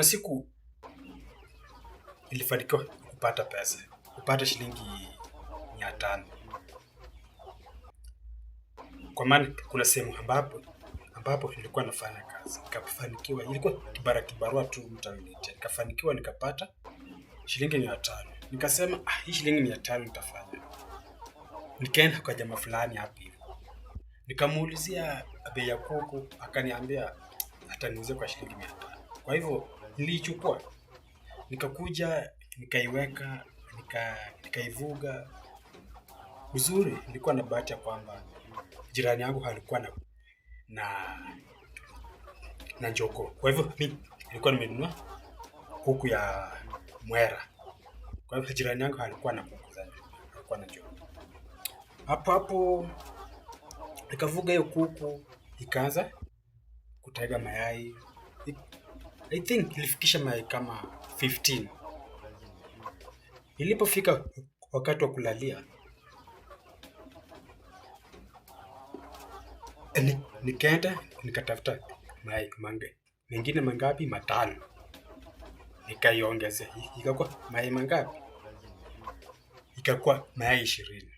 kuna siku nilifanikiwa kupata pesa, kupata shilingi mia tano kwa maana kuna sehemu ambapo ambapo nilikuwa nafanya kazi nikafanikiwa, ilikuwa kibara kibarua tu mtu nikafanikiwa nikapata shilingi mia tano nikasema ah, hii shilingi mia tano nitafanya. Nikaenda kwa jama fulani hapi nikamuulizia bei ya kuku, akaniambia ataniuzia kwa shilingi mia tano kwa hivyo nilichukua nikakuja nikaiweka nika, nikaivuga uzuri. Nilikuwa na bahati ya kwamba jirani yangu alikuwa na na, na joko kwa hivyo mi nilikuwa nimenunua kuku ya mwera. Kwa hivyo jirani yangu alikuwa na kuku za alikuwa na joko Hapo hapo nikavuga hiyo kuku ikaanza kutaga mayai I think ilifikisha mayai kama 15. Ilipofika wakati wa kulalia eh, nikaenda nikatafuta mayai mange mengine mangapi? Matano, nikaiongeza ikakuwa mayai mangapi? Ikakuwa mayai ishirini.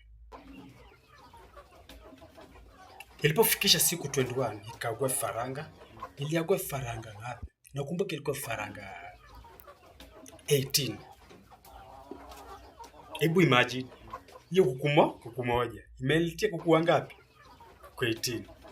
Ilipofikisha siku 21 ikagwa faranga. iliagwa faranga ngapi? nakumbuka ilikuwa faranga 18. Hebu imagine hiyo kuku kukumoja imeletia kuku wangapi? Kwa 18.